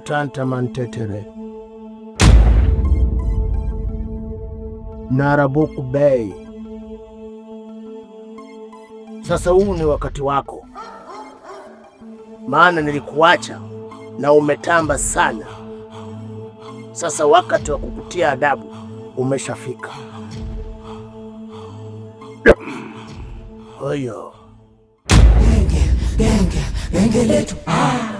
kutantaman tetere na Bey, sasa huu ni wakati wako, maana nilikuacha na umetamba sana. Sasa wakati wa kukutia adabu umeshafika. Oyo genge genge genge letu ah.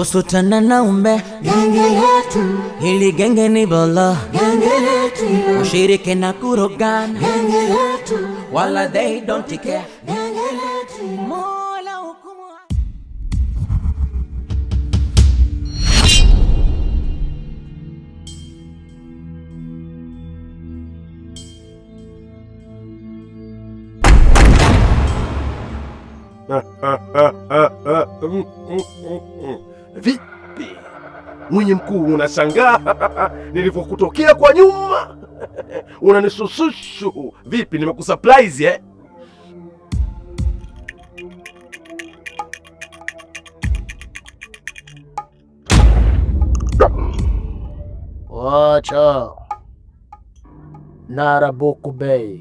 kusutana na umbe. Genge letu hili genge ni bolo, genge letu ushirike na kurogana, genge letu wala they don't care, genge letu mola hukumu. Um. unashangaa nilivyokutokea kwa nyuma unanisusushu vipi? Nimekusurprise eh? Wacha Narabuku Bey,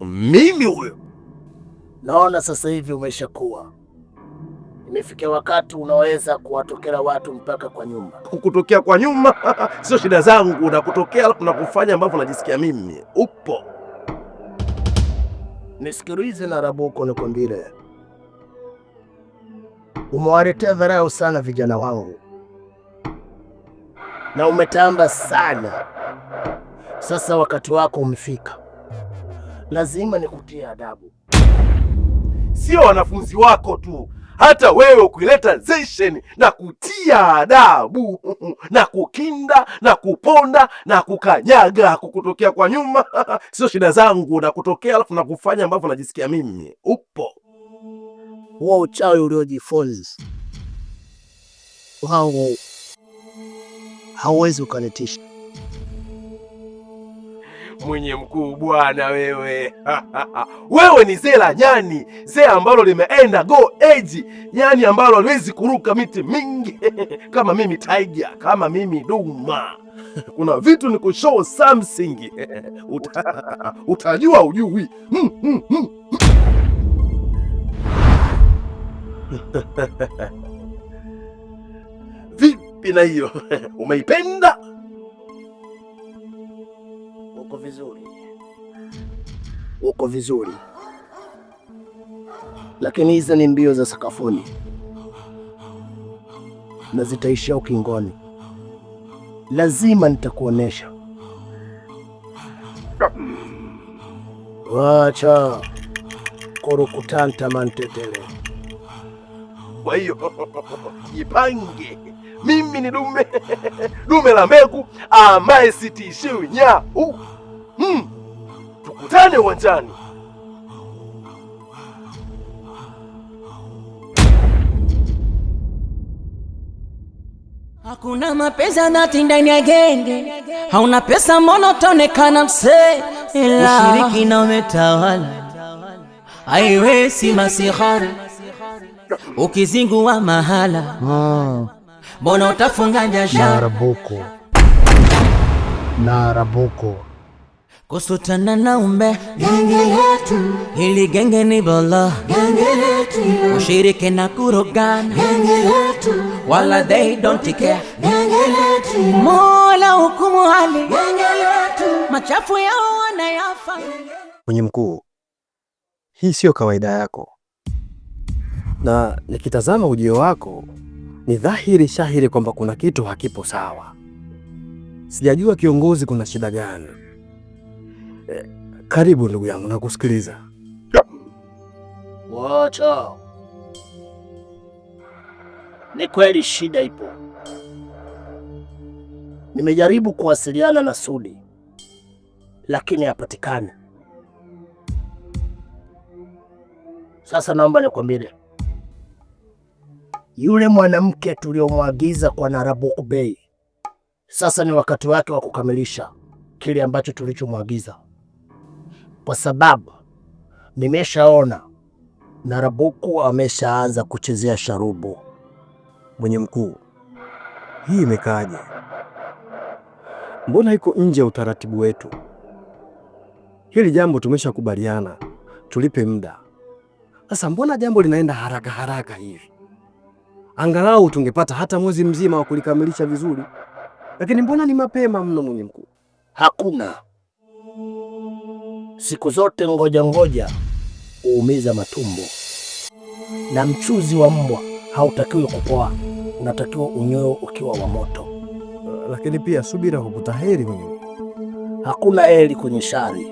mimi huyo naona sasa hivi umeshakuwa nifike wakati unaweza kuwatokea watu mpaka kwa nyumba. Kukutokea kwa nyumba sio shida zangu, nakutokea na kufanya ambavyo najisikia mimi. Upo nisikilize, na Rabuko nikwambie, umewaletea dharau sana vijana wangu na umetamba sana. Sasa wakati wako umefika, lazima nikutie adabu. Sio wanafunzi wako tu hata wewe ukileta zesheni na kutia adabu na kukinda na kuponda na kukanyaga kukutokea kwa nyuma sio shida zangu, na kutokea alafu na kufanya ambavyo najisikia mimi. Upo huo uchawi uliojifunza hauwezi ukanitisha mwenye mkuu bwana wewe. Wewe ni zee la nyani zee ambalo limeenda go age, jani ambalo haliwezi kuruka miti mingi kama mimi tiger, kama mimi duma kuna vitu ni kushow something Uta, utajua ujui. Hmm, hmm, hmm. Vipi na hiyo umeipenda? Uko vizuri, uko vizuri, lakini hizi ni mbio za sakafuni na zitaishia ukingoni. Lazima nitakuonesha. Wacha korokutanta mantetele. Kwa hiyo jipange, mimi ni dume dume la mbegu ambaye sitishiwi nyau tukutane uwanjani. Hakuna mapenzi dhati ndani ya genge, hauna pesa mbona utaonekana msee, Ushiriki na umetawala. Aiwe si masihara, ukizingua mahala ah. mbona utafunga biashara. Narabuku, Narabuku kusutana na umbe genge letu, hili genge ni bolo genge letu, ushirike na kurogana genge letu, wala they don't care genge letu, Mola hukumu hali genge letu, machafu yao wanayafa. Mwenye mkuu, hii siyo kawaida yako, na nikitazama ujio wako ni dhahiri shahiri kwamba kuna kitu hakipo sawa. Sijajua kiongozi, kuna shida gani? karibu ndugu yangu, nakusikiliza. Wacha. Ni kweli shida ipo. Nimejaribu kuwasiliana na Sudi lakini hapatikani. Sasa naomba nikwambie, yule mwanamke tuliomwagiza kwa Narabuku Bey, sasa ni wakati wake wa kukamilisha kile ambacho tulichomwagiza kwa sababu nimeshaona Narabuku ameshaanza kuchezea sharubu. Mwenye mkuu, hii imekaaje? Mbona iko nje ya utaratibu wetu? Hili jambo tumeshakubaliana tulipe muda. Sasa mbona jambo linaenda haraka haraka hivi? Angalau tungepata hata mwezi mzima wa kulikamilisha vizuri, lakini mbona ni mapema mno, mwenye mkuu? Hakuna Siku zote ngoja ngoja huumiza matumbo, na mchuzi wa mbwa hautakiwi kupoa, unatakiwa unyweo ukiwa wa moto. Lakini pia subira hukuta heri, mwenyewe hakuna heri kwenye shari,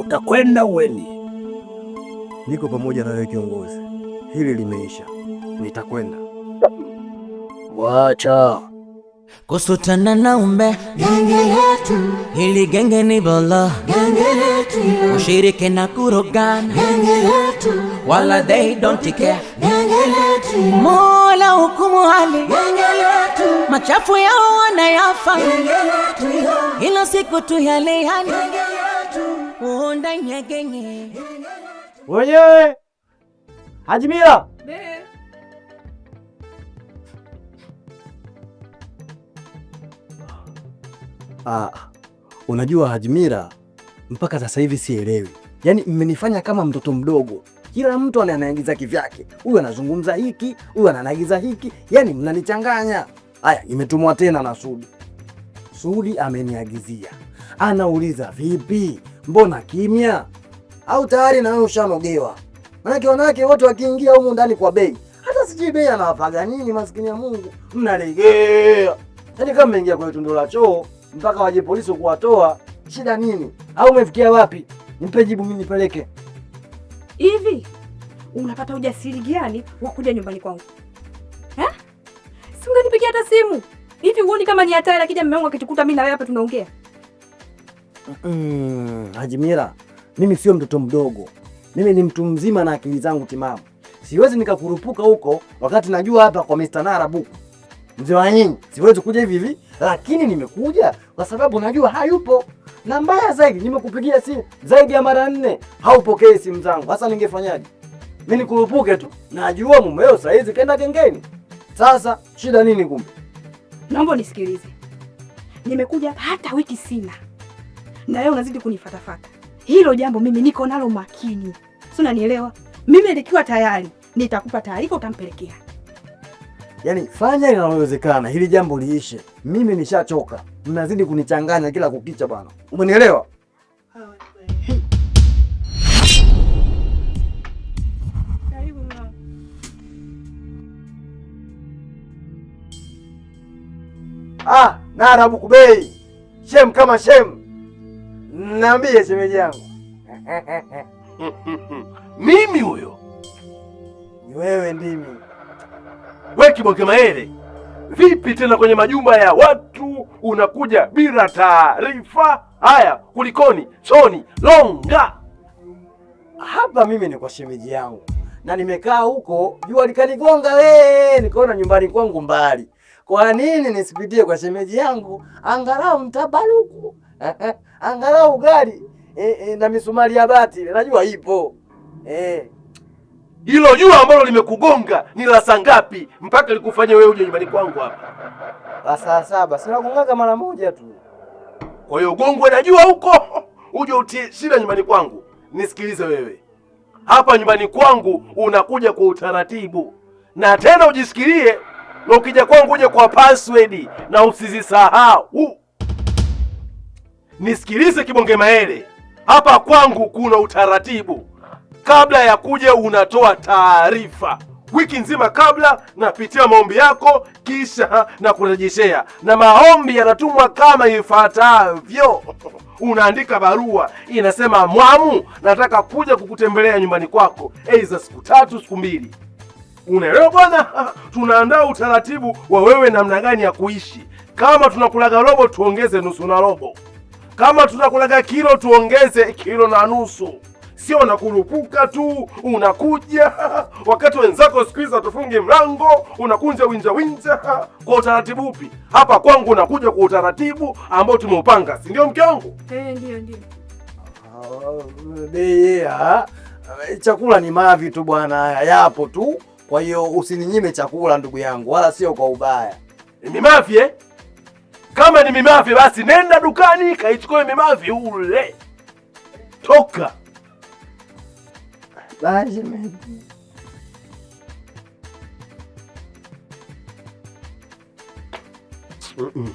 utakwenda uweni. Niko pamoja na wewe kiongozi, hili limeisha, nitakwenda wacha kusutana na umbe. Genge letu hili genge ni bolo, genge ushirike na kurogana, wala they don't care. Mola hukumu hali, machafu yao wanayafa, ila siku tu yale yale uonda wenyewe. hajimira ah, unajua Haji mpaka sasa hivi sielewi. Yaani mmenifanya kama mtoto mdogo, kila mtu ananaagiza kivyake, huyu anazungumza hiki, huyu ananagiza hiki, yaani mnanichanganya. Haya, imetumwa tena na Sudi. Sudi ameniagizia, anauliza vipi, mbona kimya? Au tayari na wewe ushanogewa? Manake wanawake wote wakiingia humu ndani kwa bei, hata sijui bei anawapaga nini, maskini ya Mungu, mnalegea. Yaani kama mmeingia kwenye tundo la choo mpaka waje polisi kuwatoa shida nini? Au umefikia wapi? Nipe jibu mimi nipeleke. Hivi unapata ujasiri gani wa kuja nyumbani kwangu? Eh? Si unganipigia hata simu. Hivi uoni kama ni hatari akija mume wangu akitukuta mimi na wewe hapa tunaongea? Mm, Haji Mira, mimi sio mtoto mdogo. Mimi ni mtu mzima na akili zangu timamu. Siwezi nikakurupuka huko wakati najua hapa kwa Mr. Narabuku. Mzee wa nyinyi, siwezi kuja hivi hivi, lakini nimekuja kwa sababu najua hayupo na mbaya zaidi, nimekupigia simu zaidi ya mara nne, haupokei simu zangu. Hasa ningefanyaje? Mimi nikurupuke tu? Najua mumeo saa hizi kaenda gengeni. Sasa shida nini? Kumbe naomba nisikilize, nimekuja hata wiki sina, na wewe unazidi kunifatafata. Hilo jambo mimi niko nalo makini, si unanielewa? Mimi nikiwa tayari nitakupa taarifa, utampelekea. Yaani fanya linalowezekana hili jambo liishe, mimi nishachoka mnazidi kunichanganya kila kukicha bwana, umenielewa? Ah, Narabuku kubei shem kama shem, nambie shemeji yangu mimi huyo ni wewe ndimi we kibonge maele Vipi tena kwenye majumba ya watu unakuja bila taarifa? Haya, kulikoni? Soni Longa, hapa mimi ni kwa shemeji yangu na nimekaa huko, jua likanigonga, wee, nikaona nyumbani kwangu mbali. Kwa nini nisipitie kwa shemeji yangu, angalau mtabaruku, angalau gari e, e, na misumari ya bati najua ipo e hilo jua ambalo limekugonga ni la saa ngapi mpaka likufanya wewe uje nyumbani kwangu hapa? La saa saba. sina nagongaga mara moja tu. Kwa hiyo gongwe na jua huko uje utie shida nyumbani kwangu. Nisikilize wewe, hapa nyumbani kwangu unakuja kwa utaratibu, na tena ujisikilie, na ukija kwangu uje kwa password na usizisahau. Nisikilize Kibonge Maele, hapa kwangu kuna utaratibu kabla ya kuja unatoa taarifa wiki nzima kabla, napitia maombi yako kisha na kurejeshea, na maombi yanatumwa kama ifuatavyo. Unaandika barua inasema, mwamu, nataka kuja kukutembelea nyumbani kwako, aidha siku tatu, siku mbili. Unaelewa bwana, tunaandaa utaratibu wa wewe namna gani ya kuishi. Kama tunakulaga robo, tuongeze nusu na robo. Kama tunakulaga kilo, tuongeze kilo na nusu sio unakurupuka tu unakuja wakati wenzako sikuiza tufunge mlango, unakunja winja winja. Kwa utaratibu upi? Hapa kwangu unakuja kwa utaratibu ambao tumeupanga, si ndio mke wangu? Eh, ndio ndio. Eh, chakula ni mavi tu bwana, yapo tu. Kwa hiyo usininyime chakula ndugu yangu, wala sio kwa ubaya. Ni mavi eh? Kama ni mimavi basi nenda dukani kaichukue mimavi ule. Toka malzeme. Mm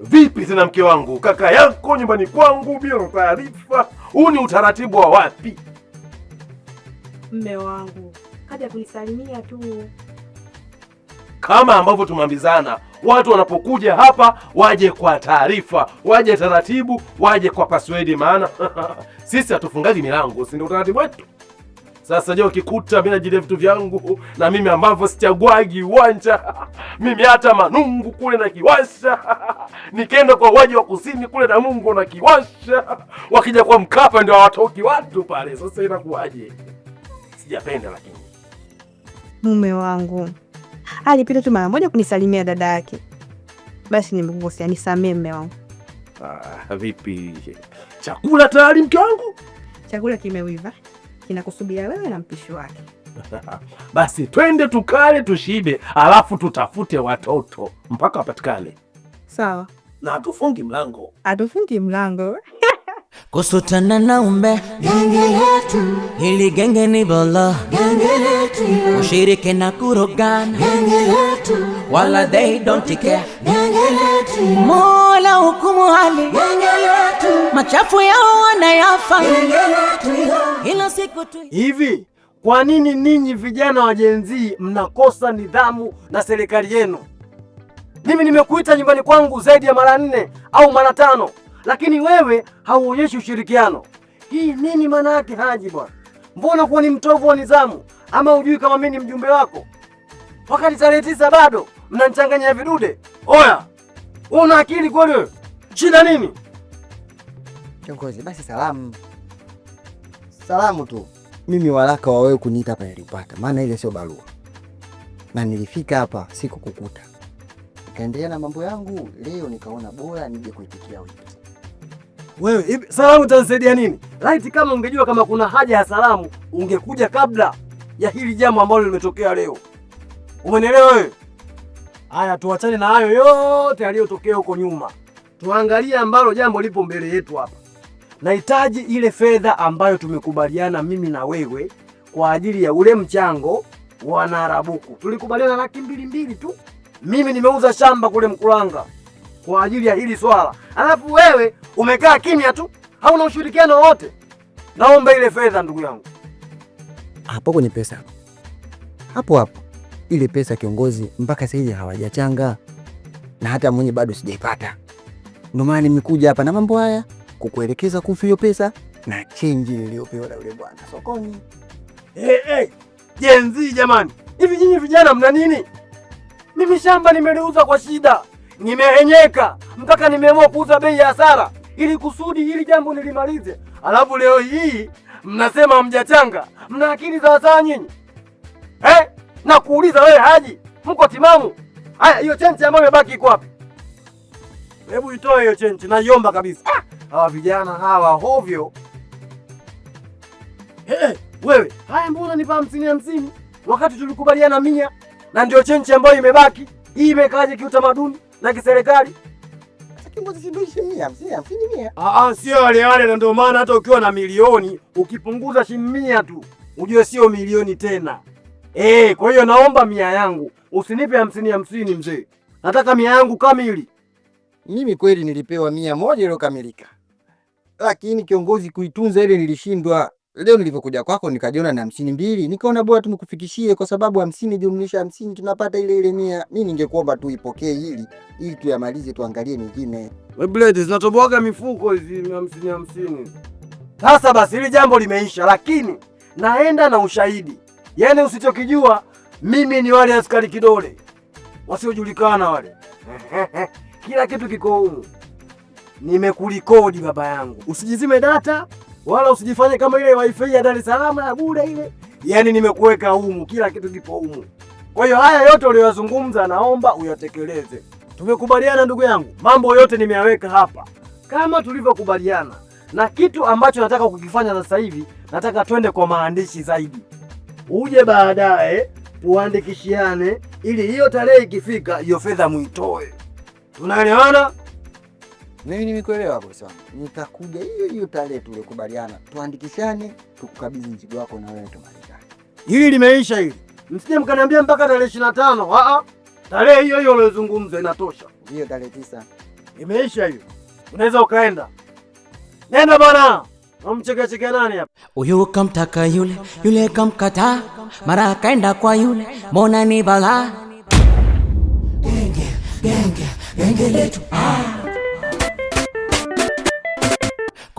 Vipi tena mke wangu, kaka yako nyumbani kwangu bila taarifa? Huu ni utaratibu wa wapi? Mme wangu kaja kunisalimia tu kama ambavyo tumeambizana, watu wanapokuja hapa waje kwa taarifa, waje taratibu, waje kwa password, maana sisi hatufungagi milango, si ndio utaratibu wetu? Sasa je, ukikuta mimi najilia vitu vyangu na mimi ambavyo sichagwagi uwanja mimi hata Manungu kule na kiwasha nikaenda kwa waji wa kusini kule na Mungu na kiwasha, wakija kwa Mkapa ndio hawatoki watu pale. Sasa inakuwaje? Sijapenda. Lakini mume wangu alipita tu mara moja kunisalimia dada yake. Basi nimekukosea, nisamee mme wangu. Ah, vipi chakula tayari mke wangu? Chakula kimewiva kinakusubiria wewe na mpishi wake. Basi twende tukale tushibe, alafu tutafute watoto mpaka wapatikane. Sawa. Na hatufungi mlango, hatufungi mlango kusutana na umbe genge letu, hili genge ni bolo genge letu, ushirike na kurogana genge letu, wala they don't care genge letu, Mola hukumu hali genge letu, machafu yao wanayafa genge letu, hilo siku tu hivi. Kwa nini ninyi vijana wa Gen Z mnakosa nidhamu na serikali yenu? Mimi nimekuita nyumbani kwangu zaidi ya mara nne au mara tano lakini wewe hauonyeshi ushirikiano. Hii nini maana yake, Haji bwana? Mbona kuwa ni mtovu wa nidhamu? Ama hujui kama mimi ni mjumbe wako? Wakati tarehe tisa bado mnanichanganya vidude. Oya, wewe una akili kweli? Wewe shida nini? Kiongozi, basi salamu salamu tu. Mimi waraka wa wewe kuniita hapa nilipata, maana ile sio barua, na nilifika hapa kukuta nikaendelea na mambo yangu. Leo nikaona bora nije kuitikia wito wewe salamu itanisaidia nini? Laiti kama ungejua kama kuna haja ya salamu ungekuja kabla ya hili jambo ambalo limetokea leo. Umenielewa wewe? Haya, tuachane na hayo yote yaliyotokea huko nyuma, tuangalie ambalo jambo lipo mbele yetu hapa. Nahitaji ile fedha ambayo tumekubaliana mimi na wewe kwa ajili ya ule mchango wa Narabuku. Tulikubaliana laki mbili mbili tu. Mimi nimeuza shamba kule Mkuranga kwa ajili ya hili swala, alafu wewe umekaa kimya tu, hauna ushirikiano wote. Naomba ile fedha ndugu yangu. Hapo kwenye pesa hapo hapo, ile pesa kiongozi, mpaka sasa hivi hawajachanga na hata mwenye bado sijaipata. Ndio maana nimekuja hapa na mambo haya kukuelekeza kuhusu hiyo pesa na chenji niliyopewa na yule bwana sokoni. Hey, hey, jenzi jamani, hivi nyinyi vijana mna nini? Mimi shamba nimeliuza kwa shida nimehenyeka mpaka nimeamua kuuza bei ya hasara ili kusudi hili jambo nilimalize. Alafu leo hii mnasema mjachanga, mna akili za wasaa nyinyi eh? na kuuliza wewe Haji, mko timamu? Haya, hiyo chenchi ambayo imebaki iko wapi? Hebu itoe hiyo chenchi, naiomba kabisa. Ah, hawa vijana hawa hovyo. Hey, eh, eh, wewe haya, mbona nipa hamsini hamsini wakati tulikubaliana mia? Na ndio chenchi ambayo imebaki hii, imekaje kiutamaduni? na kiserikali. Ah, ah, sio wale wale, na ndio maana hata ukiwa na milioni ukipunguza shilingi mia tu ujue sio milioni tena. E, kwa hiyo naomba mia yangu usinipe hamsini hamsini, mzee, nataka mia yangu kamili. Mimi kweli nilipewa mia moja iliyokamilika, lakini kiongozi, kuitunza ile nilishindwa. Leo nilivyokuja kwako nikajiona na hamsini mbili, nikaona bora tumkufikishie kwa sababu hamsini jumlisha hamsini tunapata ile ile mia. Mimi ningekuomba tu ipokee hili ili tuyamalize, tuangalie nyingine. Blade zinatoboaga mifuko hizi hamsini hamsini. Sasa basi hili jambo limeisha, lakini naenda na ushahidi. Yaani usichokijua mimi ni wale askari kidole wasiojulikana wale. Kila kitu kiko humu, nimekurikodi baba yangu, usijizime data wala usijifanye kama ile wifi ya Dar es Salaam ya bure ile. Yaani nimekuweka humu, kila kitu kipo humu. Kwa hiyo haya yote uliyozungumza, naomba uyatekeleze. Tumekubaliana ndugu yangu, mambo yote nimeyaweka hapa kama tulivyokubaliana, na kitu ambacho nataka kukifanya sasa hivi, nataka twende kwa maandishi zaidi, uje baadaye uandikishiane, ili hiyo tarehe ikifika, hiyo fedha muitoe. Tunaelewana? mimi nimekuelewa hapo sawa. nitakuja hiyo hiyo tarehe tulikubaliana, tuandikishane, tukukabidhi mzigo wako na wewe tumalizane. Hili limeisha hili, msije mkaniambia mpaka tarehe ishirini na tano. Ah, ah. tarehe hiyo hiyo uliozungumzwa inatosha, hiyo tarehe tisa imeisha hiyo, unaweza ukaenda. Nenda bwana. Uyu kamtaka yule, yule kamkata, mara kaenda kwa yule, mbona ni bala Genge, genge, genge letu. Ah.